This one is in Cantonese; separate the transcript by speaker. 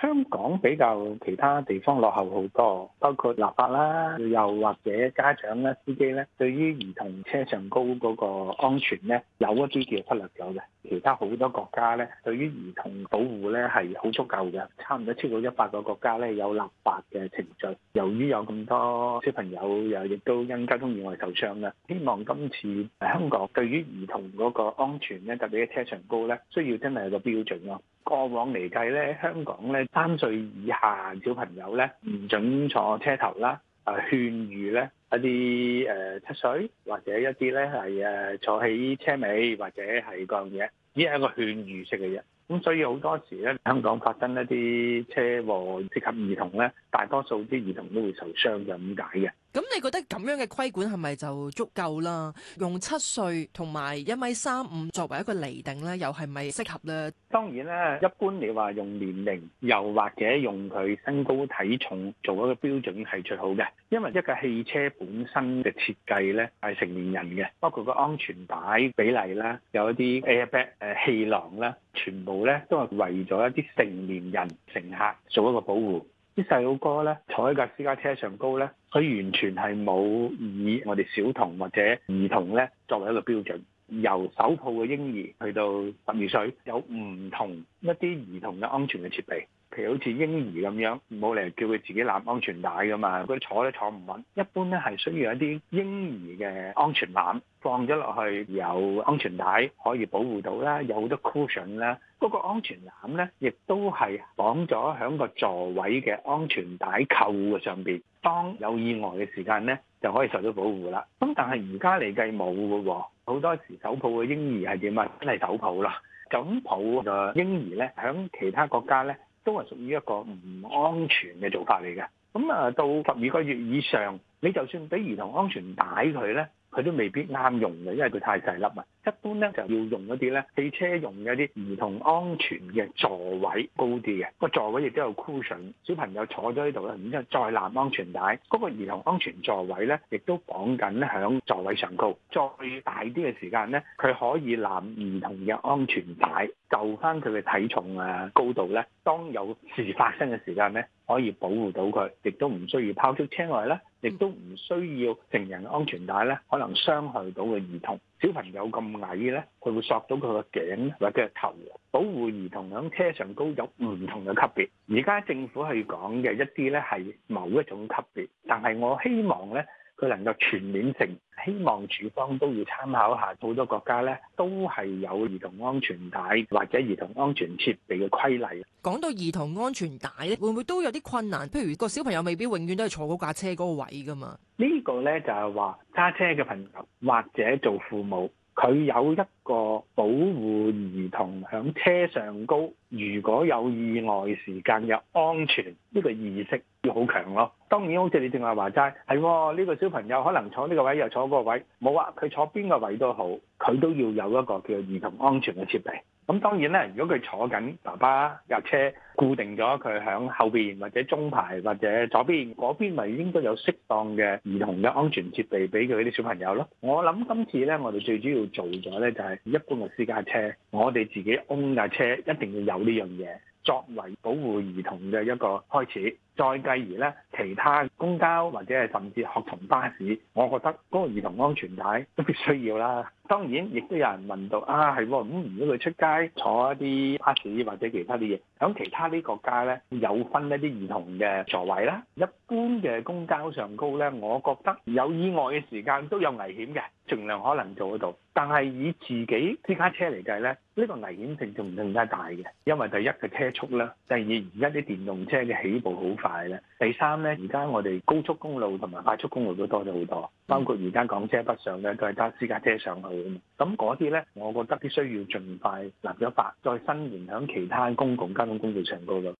Speaker 1: 香港比較其他地方落後好多，包括立法啦，又或者家長咧、司機咧，對於兒童車上高嗰個安全咧，有一啲叫忽略咗嘅。其他好多國家咧，對於兒童保護咧係好足夠嘅，差唔多超過一百個國家咧有立法嘅程序。由於有咁多小朋友又亦都因交通意外受傷啊，希望今次喺香港對於兒童嗰個安全咧，特別係車上高咧，需要真係有一個標準咯。過往嚟計咧，香港咧三歲以下小朋友咧唔準坐車頭啦，啊勸喻咧一啲誒、呃、七歲，或者一啲咧係誒坐喺車尾或者係各樣嘢，呢係一個勸喻式嘅啫。咁所以好多時咧，香港發生一啲車禍涉及兒童咧，大多數啲兒童都會受傷，就咁解嘅。咁你覺得咁樣嘅規管係咪就足夠啦？用七歲同埋一米三五作為一個釐定咧，又係咪適合咧？當然咧，一般你話用年齡，又或者用佢身高體重做一個標準係最好嘅，因為一個汽車本身嘅設計咧係成年人嘅，包括個安全帶比例啦，有一啲 airbag 誒氣囊啦。全部咧都係為咗一啲成年人乘客做一個保護，啲細路哥咧坐喺架私家車上高咧，佢完全係冇以我哋小童或者兒童咧作為一個標準，由手抱嘅嬰兒去到十二歲，有唔同一啲兒童嘅安全嘅設備。譬如好似嬰兒咁樣，冇理由叫佢自己攬安全帶噶嘛，佢坐都坐唔穩，一般咧係需要一啲嬰兒嘅安全籃放咗落去，有安全帶可以保護到啦，有好多 cushion 啦，嗰個安全籃咧亦都係綁咗喺個座位嘅安全帶扣嘅上邊，當有意外嘅時間咧就可以受到保護啦。咁但係而家嚟計冇嘅喎，好多時手抱嘅嬰兒係點啊？真係手抱啦，咁抱嘅嬰兒咧喺其他國家咧。都係屬於一個唔安全嘅做法嚟嘅。咁啊，到十二個月以上，你就算俾兒童安全帶佢咧。佢都未必啱用嘅，因為佢太細粒啊！一般咧就要用一啲咧汽車用嘅一啲兒童安全嘅座位，高啲嘅個座位亦都有 cushion，小朋友坐咗呢度咧，然之後再攬安全帶，嗰個兒童安全座位咧亦都綁緊喺座位上高。再大啲嘅時間咧，佢可以攬兒童嘅安全帶，就翻佢嘅體重啊高度咧。當有事發生嘅時間咧。可以保護到佢，亦都唔需要拋出車外咧，亦都唔需要成人嘅安全帶咧，可能傷害到個兒童。小朋友咁矮咧，佢會索到佢個頸或者頭。保護兒童響車上高有唔同嘅級別，而家政府係講嘅一啲咧係某一種級別，但係我希望咧佢能夠全面性。希望處方都要參考下好多國家呢，都係有兒童安全帶或者兒童安全設備嘅規例。講到兒童安全帶呢，會唔會都有啲困難？譬如個小朋友未必永遠都係坐嗰架車嗰個位㗎嘛？呢個呢，就係話揸車嘅朋友或者做父母。佢有一個保護兒童響車上高，如果有意外時間，有安全呢個意識要好強咯。當然，好似你正話話齋，係呢個小朋友可能坐呢個位又坐嗰個位，冇啊！佢坐邊個位都好，佢都要有一個叫兒童安全嘅設備。咁當然啦，如果佢坐緊爸爸架車，固定咗佢喺後邊或者中排或者左邊嗰邊，咪應該有適當嘅兒童嘅安全設備俾佢啲小朋友咯。我諗今次呢，我哋最主要做咗呢就係一般嘅私家車，我哋自己 own 架車一定要有呢樣嘢，作為保護兒童嘅一個開始。再繼而呢，其他公交或者係甚至學童巴士，我覺得嗰個兒童安全帶都必須要啦。當然亦都有人問到啊，係喎，咁如果佢出街坐一啲巴士或者其他啲嘢，咁其他啲國家呢，有分一啲兒童嘅座位啦。一般嘅公交上高呢，我覺得有意外嘅時間都有危險嘅，儘量可能做得到。但係以自己私家車嚟計呢，呢個危險性仲更加大嘅，因為第一個車速啦，第二而家啲電動車嘅起步好快。咧第三咧，而家我哋高速公路同埋快速公路都多咗好多，包括而家港車北上咧，都係揸私家車上去嘅，咁嗰啲咧，那那我覺得必須要盡快立咗法，再伸延向其他公共交通工具上高嘅。